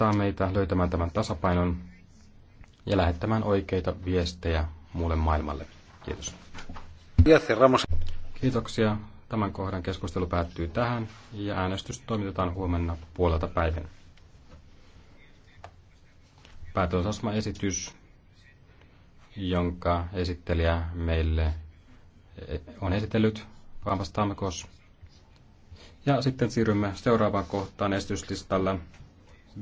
auttaa meitä löytämään tämän tasapainon ja lähettämään oikeita viestejä muulle maailmalle. Kiitos. Kiitoksia. Tämän kohdan keskustelu päättyy tähän ja äänestys toimitetaan huomenna puolelta päivän. Päätösasma esitys, jonka esittelijä meille on esitellyt, Vampas Tammekos. Ja sitten siirrymme seuraavaan kohtaan esityslistalla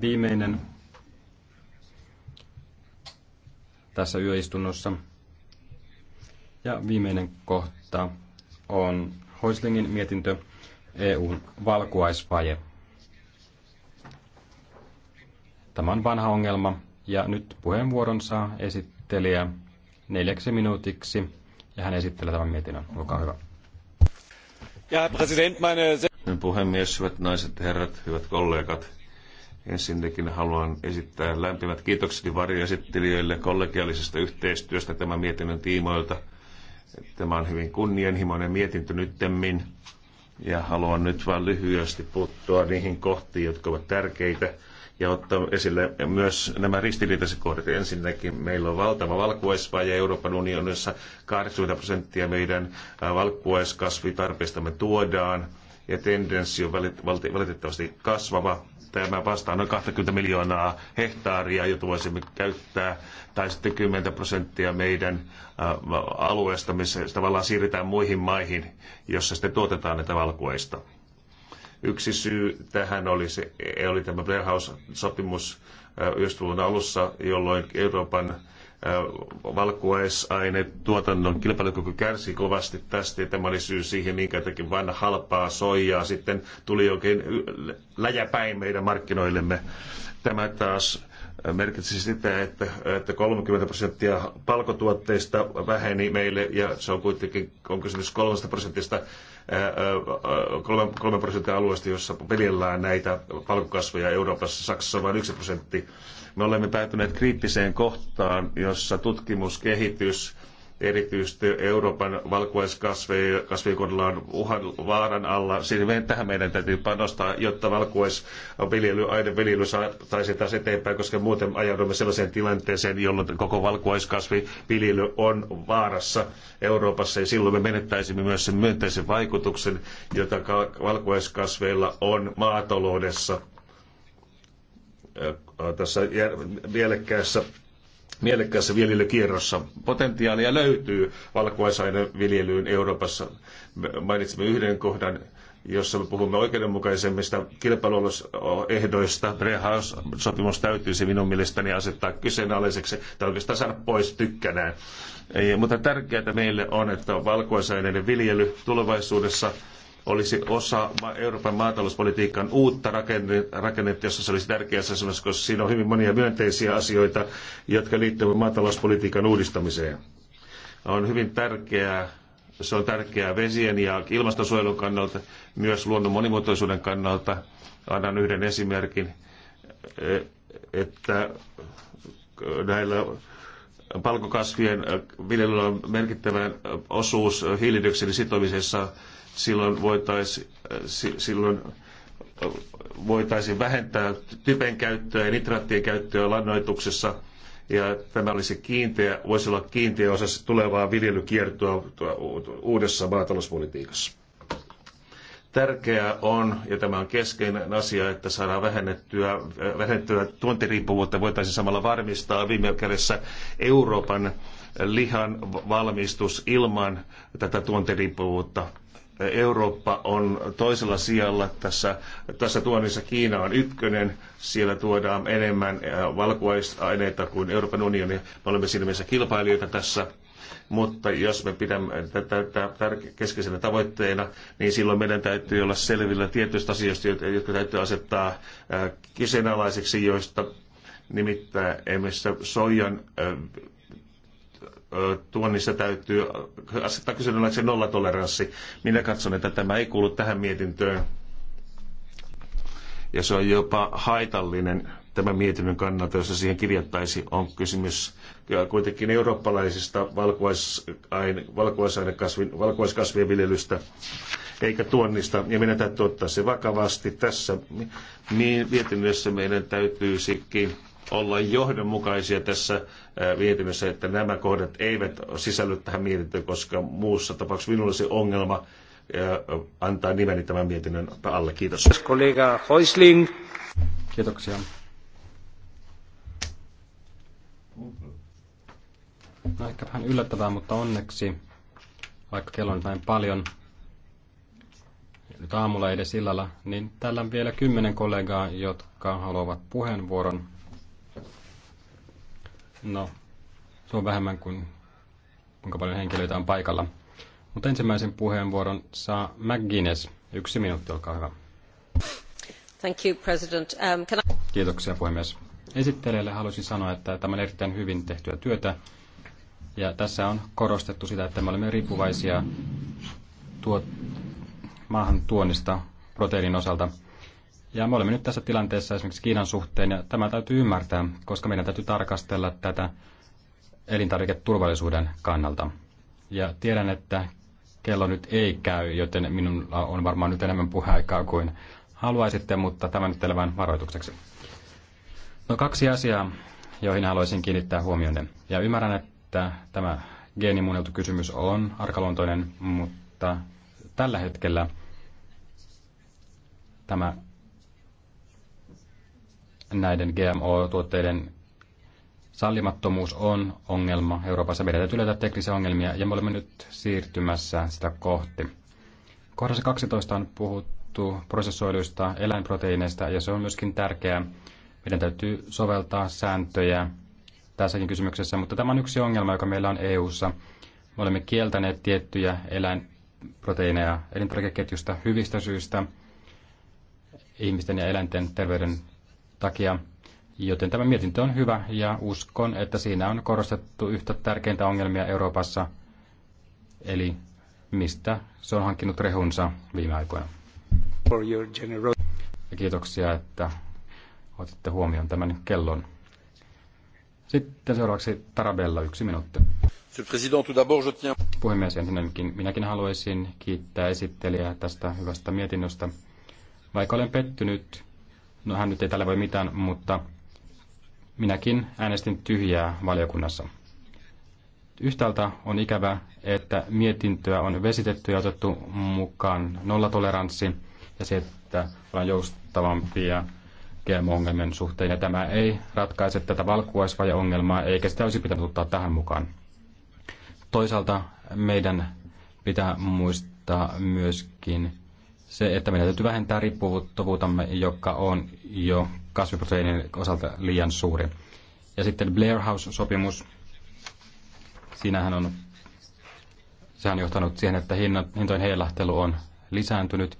viimeinen tässä yöistunnossa. Ja viimeinen kohta on Hoislingin mietintö EUn valkuaisvaje. Tämä on vanha ongelma ja nyt puheenvuoron saa esittelijä neljäksi minuutiksi ja hän esittelee tämän mietinnön. Olkaa hyvä. Ja, president, meine... Puhemies, hyvät naiset herrat, hyvät kollegat Ensinnäkin haluan esittää lämpimät kiitokseni varjoesittelijöille kollegiaalisesta yhteistyöstä tämän mietinnön tiimoilta. Tämä on hyvin kunnianhimoinen mietintö nyttemmin ja haluan nyt vain lyhyesti puuttua niihin kohtiin, jotka ovat tärkeitä ja ottaa esille myös nämä ristiriitaiset kohdat. Ensinnäkin meillä on valtava valkuaisvaje Euroopan unionissa. 80 prosenttia meidän valkuaiskasvitarpeistamme tuodaan ja tendenssi on valitettavasti kasvava tämä vastaa noin 20 miljoonaa hehtaaria, jota voisimme käyttää, tai sitten 10 prosenttia meidän alueesta, missä tavallaan siirretään muihin maihin, jossa sitten tuotetaan näitä valkueista. Yksi syy tähän oli, se, oli tämä Blair House-sopimus yhdysvallan alussa, jolloin Euroopan Äh, tuotannon kilpailukyky kärsi kovasti tästä ja tämä oli syy siihen, minkä takia vain halpaa soijaa sitten tuli oikein läjäpäin meidän markkinoillemme. Tämä taas äh, merkitsi sitä, että, että 30 prosenttia palkotuotteista väheni meille ja se on kuitenkin on kysymys 3 prosentista äh, kolmen 3 prosentin alueesta, jossa viljellään näitä palkokasveja Euroopassa, Saksassa vain 1 prosentti me olemme päätyneet kriittiseen kohtaan, jossa tutkimuskehitys erityisesti Euroopan valkuaiskasvien kohdalla on uhan vaaran alla. Siis tähän meidän täytyy panostaa, jotta valkuaisviljely, aineviljely saataisiin taas eteenpäin, koska muuten ajaudumme sellaiseen tilanteeseen, jolloin koko valkuaiskasviviljely on vaarassa Euroopassa ja silloin me menettäisimme myös sen myönteisen vaikutuksen, jota valkuaiskasveilla on maataloudessa tässä mielekkäässä mielekkäässä viljelykierrossa. Potentiaalia löytyy viljelyyn Euroopassa. Mainitsimme yhden kohdan, jossa me puhumme oikeudenmukaisemmista kilpailuehdoista. Rehaus-sopimus täytyisi minun mielestäni asettaa kyseenalaiseksi tai oikeastaan saada pois tykkänään. Ei, mutta tärkeää meille on, että valkuaisaineiden viljely tulevaisuudessa olisi osa Euroopan maatalouspolitiikan uutta rakennetta, jossa se olisi tärkeässä asemassa, koska siinä on hyvin monia myönteisiä asioita, jotka liittyvät maatalouspolitiikan uudistamiseen. On hyvin tärkeää, se on tärkeää vesien ja ilmastonsuojelun kannalta, myös luonnon monimuotoisuuden kannalta. Annan yhden esimerkin, että näillä palkokasvien viljelyllä on merkittävä osuus hiilidioksidin sitomisessa silloin voitaisiin äh, silloin äh, voitaisiin vähentää typen käyttöä ja nitraattien käyttöä lannoituksessa ja tämä olisi kiinteä, voisi olla kiinteä osa tulevaa viljelykiertoa uudessa maatalouspolitiikassa. Tärkeää on, ja tämä on keskeinen asia, että saadaan vähennettyä, äh, vähennettyä tuontiriippuvuutta, voitaisiin samalla varmistaa viime kädessä Euroopan lihan valmistus ilman tätä tuontiriippuvuutta Eurooppa on toisella sijalla tässä, tässä tuonnissa. Kiina on ykkönen, siellä tuodaan enemmän äh, valkuaisaineita kuin Euroopan unioni. Me olemme siinä mielessä kilpailijoita tässä mutta jos me pidämme tätä, tätä keskeisenä tavoitteena, niin silloin meidän täytyy olla selvillä tietyistä asioista, jotka täytyy asettaa äh, kyseenalaisiksi, joista nimittäin esimerkiksi soijan äh, tuonnissa täytyy asettaa kyseenalaiseksi nollatoleranssi. Minä katson, että tämä ei kuulu tähän mietintöön. Ja se on jopa haitallinen tämän mietinnön kannalta, jos siihen kirjattaisi, on kysymys kuitenkin eurooppalaisista valkuaisainekasvin, valkuaiskasvien viljelystä eikä tuonnista, ja meidän täytyy ottaa se vakavasti. Tässä mietinnössä meidän täytyisikin olla johdonmukaisia tässä mietinnössä, että nämä kohdat eivät sisälly tähän mietintöön, koska muussa tapauksessa minulla se ongelma antaa nimeni tämän mietinnön alle. Kiitos. Kollega Häusling. Kiitoksia. No ehkä vähän yllättävää, mutta onneksi, vaikka kello on näin paljon, nyt aamulla edes illalla, niin täällä on vielä kymmenen kollegaa, jotka haluavat puheenvuoron. No, se on vähemmän kuin kuinka paljon henkilöitä on paikalla. Mutta ensimmäisen puheenvuoron saa McGuinness. Yksi minuutti, olkaa hyvä. Thank you, President. Um, can I... Kiitoksia, puhemies. Esittelijälle haluaisin sanoa, että tämä on erittäin hyvin tehtyä työtä. Ja tässä on korostettu sitä, että me olemme riippuvaisia tuot, maahan tuonnista proteiinin osalta. Ja me olemme nyt tässä tilanteessa esimerkiksi Kiinan suhteen, ja tämä täytyy ymmärtää, koska meidän täytyy tarkastella tätä elintarviketurvallisuuden kannalta. Ja tiedän, että kello nyt ei käy, joten minulla on varmaan nyt enemmän puheaikaa kuin haluaisitte, mutta tämä nyt teille vain varoitukseksi. No kaksi asiaa, joihin haluaisin kiinnittää huomionne. Ja ymmärrän, että tämä geenimuunneltu kysymys on arkaluontoinen, mutta tällä hetkellä tämä näiden GMO-tuotteiden sallimattomuus on ongelma Euroopassa. Meidän täytyy löytää teknisiä ongelmia ja me olemme nyt siirtymässä sitä kohti. Kohdassa 12 on puhuttu prosessoiduista eläinproteiineista ja se on myöskin tärkeää. Meidän täytyy soveltaa sääntöjä tässäkin kysymyksessä, mutta tämä on yksi ongelma, joka meillä on EU:ssa. Me olemme kieltäneet tiettyjä eläinproteiineja elintarvikeketjusta hyvistä syistä ihmisten ja eläinten terveyden takia. Joten tämä mietintö on hyvä ja uskon, että siinä on korostettu yhtä tärkeintä ongelmia Euroopassa, eli mistä se on hankkinut rehunsa viime aikoina. Ja kiitoksia, että otitte huomioon tämän kellon. Sitten seuraavaksi Tarabella yksi minuutti. Puhemies, ensinnäkin minäkin haluaisin kiittää esittelijää tästä hyvästä mietinnöstä. Vaikka olen pettynyt No hän nyt ei tällä voi mitään, mutta minäkin äänestin tyhjää valiokunnassa. Yhtäältä on ikävä, että mietintöä on vesitetty ja otettu mukaan nollatoleranssi ja se, että ollaan joustavampia GMO-ongelmien suhteen. Ja tämä ei ratkaise tätä valkuaisvaje-ongelmaa, eikä sitä olisi pitänyt ottaa tähän mukaan. Toisaalta meidän pitää muistaa myöskin se, että meidän täytyy vähentää riippuvuuttavuutamme, joka on jo kasviproteiinin osalta liian suuri. Ja sitten Blair House-sopimus, siinähän on, sehän on johtanut siihen, että hintojen heilahtelu on lisääntynyt,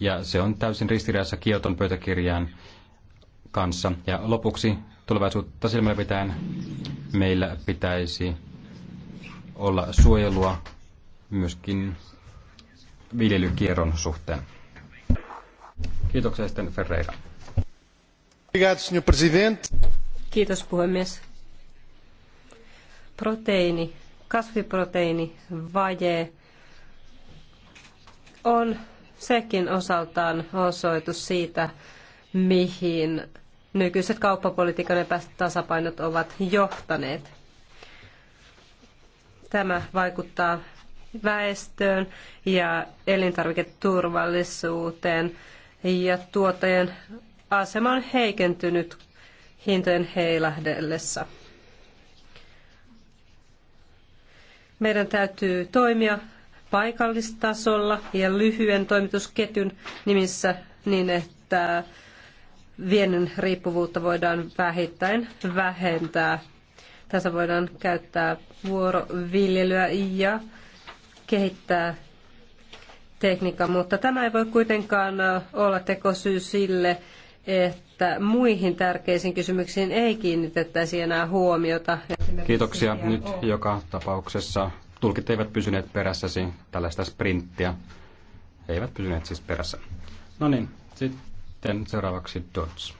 ja se on täysin ristiriidassa Kioton pöytäkirjaan kanssa. Ja lopuksi tulevaisuutta silmällä pitäen meillä pitäisi olla suojelua myöskin viljelykierron suhteen. Kiitoksia sitten Ferreira. Kiitos puhemies. Proteiini, kasviproteiini, vaje on sekin osaltaan osoitus siitä, mihin nykyiset kauppapolitiikan epätasapainot ovat johtaneet. Tämä vaikuttaa väestöön ja elintarviketurvallisuuteen ja tuottajien asema on heikentynyt hintojen heilahdellessa. Meidän täytyy toimia paikallistasolla ja lyhyen toimitusketjun nimissä niin, että viennin riippuvuutta voidaan vähittäin vähentää. Tässä voidaan käyttää vuoroviljelyä ja kehittää tekniikkaa, mutta tämä ei voi kuitenkaan olla tekosyy sille, että muihin tärkeisiin kysymyksiin ei kiinnitettäisi enää huomiota. Kiitoksia. Nyt joka tapauksessa tulkit eivät pysyneet perässäsi tällaista sprinttiä. He eivät pysyneet siis perässä. No niin, sitten seuraavaksi Dodge.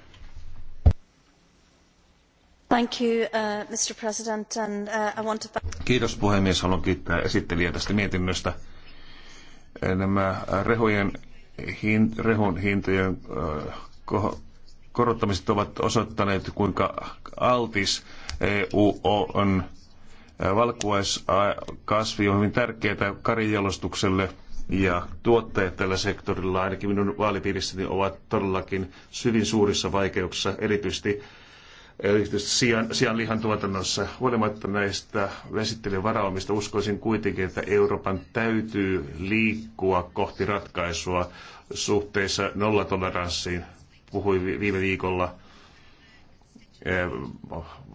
Kiitos puhemies. Haluan kiittää esittelijää tästä mietinnöstä. Eh, nämä rehujen, hin, rehun hintojen uh, korottamiset ovat osoittaneet, kuinka altis EU on. Eh, Valkuaiskasvi on hyvin tärkeää karijalostukselle ja tuottajat tällä sektorilla, ainakin minun vaalipiirissäni, ovat todellakin hyvin suurissa vaikeuksissa, erityisesti erityisesti sian, sianlihan tuotannossa. Huolimatta näistä vesittelijän varaumista uskoisin kuitenkin, että Euroopan täytyy liikkua kohti ratkaisua suhteessa nollatoleranssiin. Puhuin viime viikolla eh,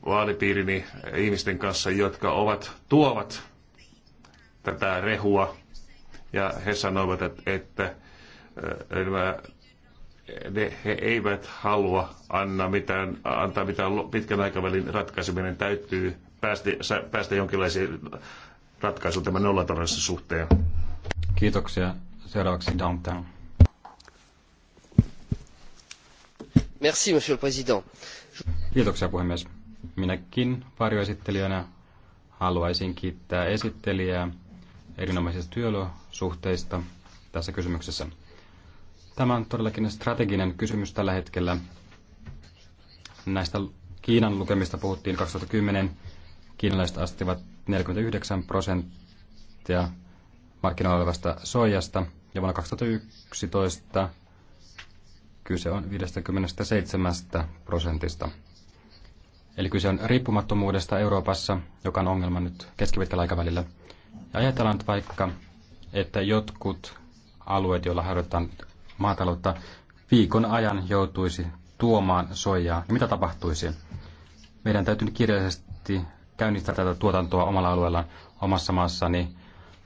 vaalipiirini ihmisten kanssa, jotka ovat, tuovat tätä rehua. Ja he sanoivat, että, että eh, ne, he eivät halua anna mitään, antaa mitään pitkän aikavälin ratkaiseminen täytyy päästä, päästä jonkinlaiseen ratkaisuun tämän nollatoleranssin suhteen. Kiitoksia. Seuraavaksi Downtown. Merci, monsieur le président. Kiitoksia puhemies. Minäkin varjoesittelijänä haluaisin kiittää esittelijää erinomaisista työolosuhteista tässä kysymyksessä. Tämä on todellakin strateginen kysymys tällä hetkellä. Näistä Kiinan lukemista puhuttiin 2010. Kiinalaiset astivat 49 prosenttia markkinoilla olevasta soijasta ja vuonna 2011 kyse on 57 prosentista. Eli kyse on riippumattomuudesta Euroopassa, joka on ongelma nyt keskipitkällä aikavälillä. Ja ajatellaan nyt vaikka, että jotkut alueet, joilla harjoitetaan maataloutta viikon ajan joutuisi tuomaan soijaa. Ja mitä tapahtuisi? Meidän täytyy kirjallisesti käynnistää tätä tuotantoa omalla alueellaan omassa maassani.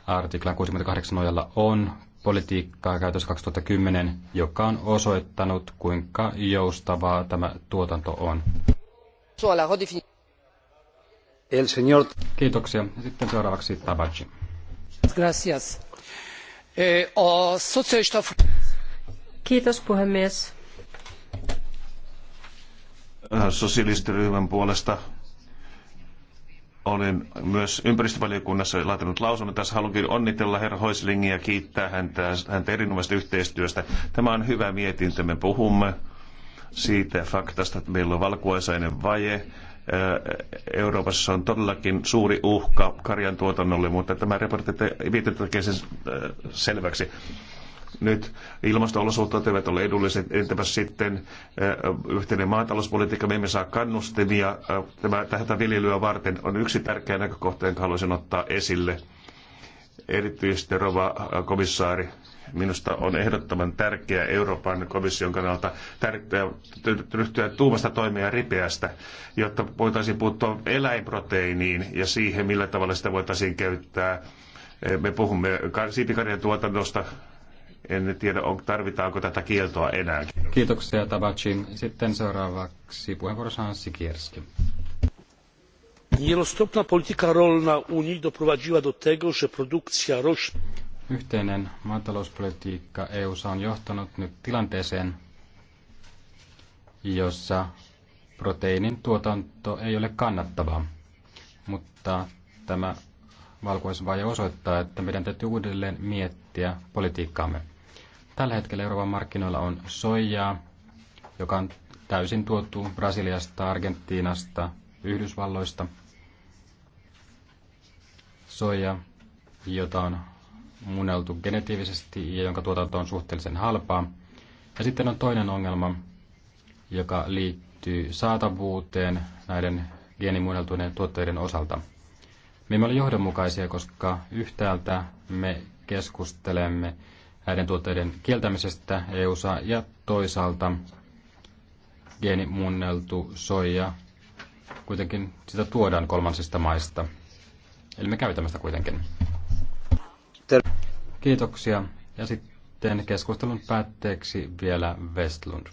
Artiklan 68 nojalla on politiikkaa käytössä 2010, joka on osoittanut, kuinka joustavaa tämä tuotanto on. Kiitoksia. Sitten seuraavaksi Tabaci. Gracias. Eh, Kiitos puhemies. Äh, sosialistiryhmän puolesta olin myös ympäristövaliokunnassa laatinut lausunnon. Tässä haluankin onnitella herra Hoislingia ja kiittää häntä, häntä erinomaisesta yhteistyöstä. Tämä on hyvä mietintö. Me puhumme siitä faktasta, että meillä on valkuaisainen vaje. Äh, Euroopassa on todellakin suuri uhka karjan tuotannolle, mutta tämä raportti mietintö tekee sen äh, selväksi nyt ilmastoolosuhteet eivät ole edulliset, entäpä sitten eh, yhteinen maatalouspolitiikka, me emme saa kannustimia eh, tätä viljelyä varten, on yksi tärkeä näkökohta, jonka haluaisin ottaa esille. Erityisesti rova eh, komissaari, minusta on ehdottoman tärkeää Euroopan komission kannalta tärkeä ryhtyä tuumasta toimia ripeästä, jotta voitaisiin puuttua eläinproteiiniin ja siihen, millä tavalla sitä voitaisiin käyttää. Me puhumme siipikarjan tuotannosta, en tiedä, on, tarvitaanko tätä kieltoa enää. Kiitoksia Tabacin. Sitten seuraavaksi puheenvuorossa Anssi Kierski. Nieroztropna polityka rolna Unii doprowadziła do tego, że produkcja roślin... Yhteinen maatalouspolitiikka eu on johtanut nyt tilanteeseen, jossa proteiinin tuotanto ei ole kannattavaa. Mutta tämä valkoisvaje osoittaa, että meidän täytyy uudelleen miettiä politiikkaamme. Tällä hetkellä Euroopan markkinoilla on soijaa, joka on täysin tuotu Brasiliasta, Argentiinasta, Yhdysvalloista. Soija, jota on muunneltu genetiivisesti ja jonka tuotanto on suhteellisen halpaa. Ja sitten on toinen ongelma, joka liittyy saatavuuteen näiden geenimuunneltuneiden tuotteiden osalta. Me emme ole johdonmukaisia, koska yhtäältä me keskustelemme näiden tuotteiden kieltämisestä EU:ssa ja toisaalta geenimuunneltu soija kuitenkin sitä tuodaan kolmansista maista. Eli me käytämme sitä kuitenkin. Kiitoksia. Ja sitten keskustelun päätteeksi vielä Westlund.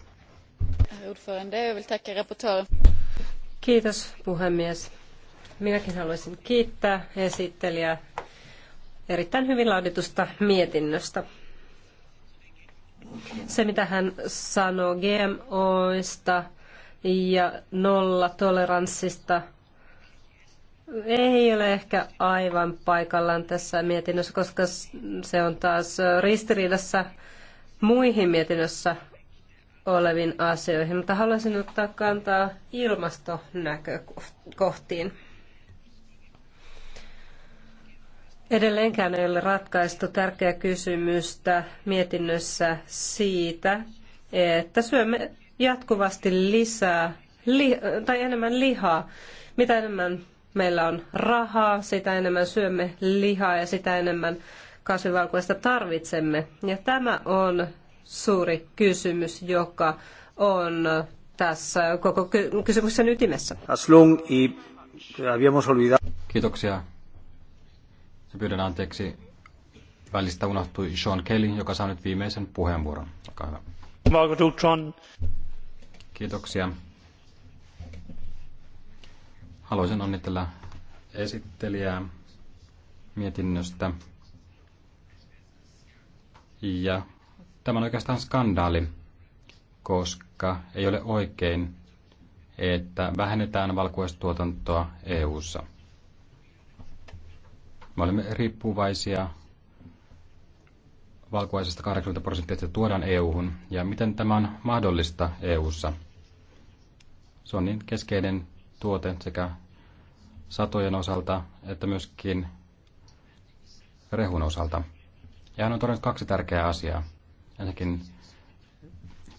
Kiitos puhemies. Minäkin haluaisin kiittää esittelijää erittäin hyvin laaditusta mietinnöstä. Se, mitä hän sanoo GMOista ja nollatoleranssista, ei ole ehkä aivan paikallaan tässä mietinnössä, koska se on taas ristiriidassa muihin mietinnössä oleviin asioihin, mutta haluaisin ottaa kantaa ilmastonäkökohtiin. Edelleenkään ei ole ratkaistu tärkeää kysymystä mietinnössä siitä, että syömme jatkuvasti lisää li, tai enemmän lihaa. Mitä enemmän meillä on rahaa, sitä enemmän syömme lihaa ja sitä enemmän kasvivalkuaista tarvitsemme. Ja tämä on suuri kysymys, joka on tässä koko kysymyksen ytimessä. Kiitoksia ja pyydän anteeksi, välistä unohtui Sean Kelly, joka saa nyt viimeisen puheenvuoron. Olkaa hyvä. Kiitoksia. Haluaisin onnitella esittelijää mietinnöstä. Ja tämä on oikeastaan skandaali, koska ei ole oikein, että vähennetään valkuaistuotantoa EU:ssa. ssa me olemme riippuvaisia valkuaisesta 80 prosenttia, että tuodaan EU-hun. Ja miten tämä on mahdollista EU-ssa? Se on niin keskeinen tuote sekä satojen osalta että myöskin rehun osalta. Ja hän on todennut kaksi tärkeää asiaa. Ensinnäkin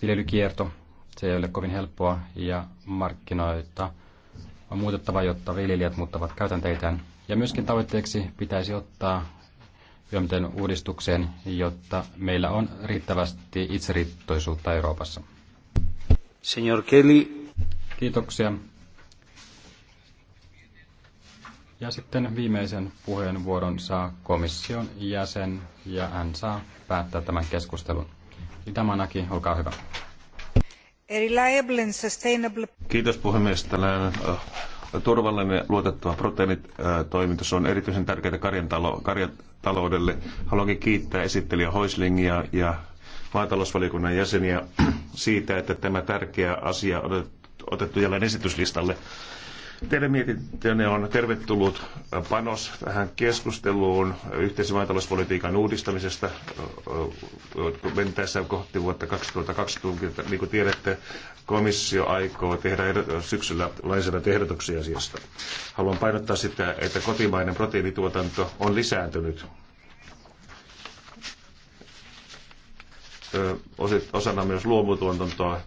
viljelykierto, se ei ole kovin helppoa ja markkinoita on muutettava, jotta viljelijät muuttavat käytänteitään. Ja myöskin tavoitteeksi pitäisi ottaa YMTn uudistukseen, jotta meillä on riittävästi itseriittoisuutta Euroopassa. Senior Kelly. Kiitoksia. Ja sitten viimeisen puheenvuoron saa komission jäsen ja hän saa päättää tämän keskustelun. Itämanaki, olkaa hyvä. Kiitos puhemies. Tällainen äh, turvallinen ja luotettava proteiinitoiminta. Se on erityisen tärkeää karjantalo, karjataloudelle. Haluankin kiittää esittelijä Hoislingia ja maatalousvaliokunnan jäseniä siitä, että tämä tärkeä asia on otettu jälleen esityslistalle. Teidän mietintönne on tervetullut panos tähän keskusteluun yhteisen maatalouspolitiikan uudistamisesta mentäessä kohti vuotta 2020. Niin kuin tiedätte, komissio aikoo tehdä syksyllä lainsäädäntöehdotuksia asiasta. Haluan painottaa sitä, että kotimainen proteiinituotanto on lisääntynyt osana myös luomutuotantoa.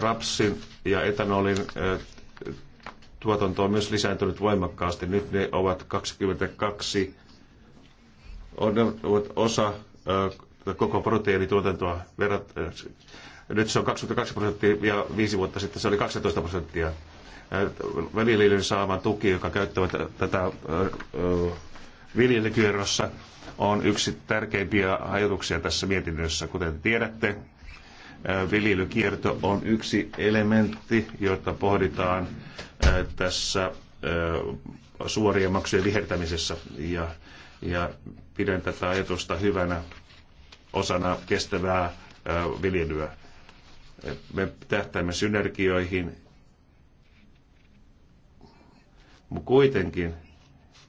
Rapsin ja etanolin tuotanto on myös lisääntynyt voimakkaasti. Nyt ne ovat 22 on, ovat osa koko proteiinituotantoa verrat, nyt se on 22 prosenttia ja viisi vuotta sitten se oli 12 prosenttia. Viljelijöiden saama tuki, joka käyttävät tätä viljelykierrossa, on yksi tärkeimpiä ajatuksia tässä mietinnössä. Kuten tiedätte, viljelykierto on yksi elementti, jota pohditaan tässä suorien maksujen vihertämisessä ja, ja pidän tätä ajatusta hyvänä osana kestävää viljelyä. Me tähtäämme synergioihin. Mutta kuitenkin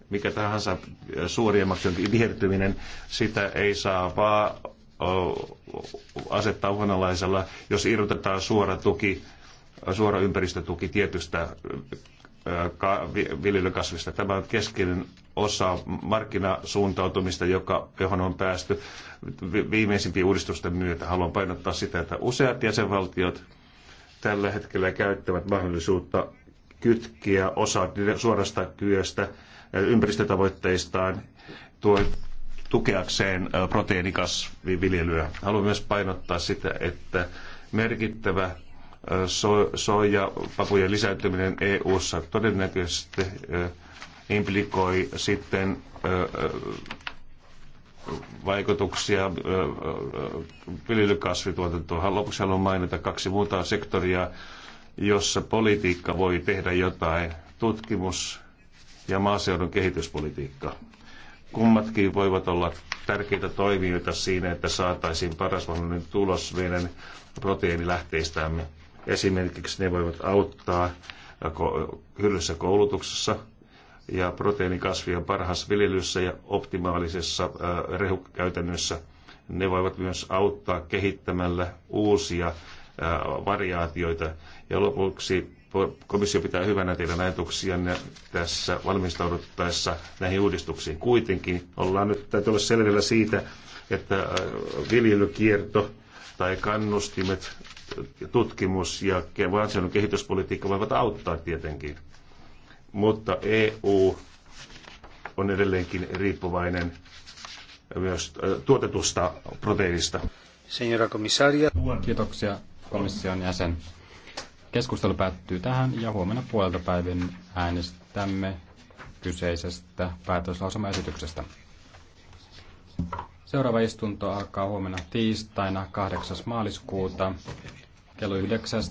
mikä tahansa suorien maksujen vihertyminen, sitä ei saa vaan asettaa uhanalaisella, jos irrotetaan suora tuki, suora ympäristötuki tietystä viljelykasvista. Tämä on keskeinen osa markkinasuuntautumista, joka, johon on päästy viimeisimpien uudistusten myötä. Haluan painottaa sitä, että useat jäsenvaltiot tällä hetkellä käyttävät mahdollisuutta kytkiä osa suorasta työstä ympäristötavoitteistaan tuo tukeakseen proteiinikasviviljelyä. Haluan myös painottaa sitä, että merkittävä so- soijapapujen lisääntyminen EU-ssa todennäköisesti implikoi sitten vaikutuksia viljelykasvituotantoon. Lopuksi haluan mainita kaksi muuta sektoria, jossa politiikka voi tehdä jotain. Tutkimus ja maaseudun kehityspolitiikka. Kummatkin voivat olla tärkeitä toimijoita siinä, että saataisiin paras mahdollinen tulos meidän proteiinilähteistämme. Esimerkiksi ne voivat auttaa hyllyssä koulutuksessa ja proteiinikasvien parhaassa viljelyssä ja optimaalisessa rehukäytännössä. Ne voivat myös auttaa kehittämällä uusia variaatioita. Ja lopuksi komissio pitää hyvänä teidän ajatuksianne tässä valmistauduttaessa näihin uudistuksiin. Kuitenkin ollaan nyt täytyy olla selvillä siitä, että äh, viljelykierto tai kannustimet, äh, tutkimus ja valtion kehityspolitiikka voivat auttaa tietenkin. Mutta EU on edelleenkin riippuvainen myös äh, tuotetusta proteiinista. Senora komissaria. Kiitoksia komission jäsen. Keskustelu päättyy tähän ja huomenna puolelta päivän äänestämme kyseisestä päätöslausumaesityksestä. Seuraava istunto alkaa huomenna tiistaina 8. maaliskuuta kello 9.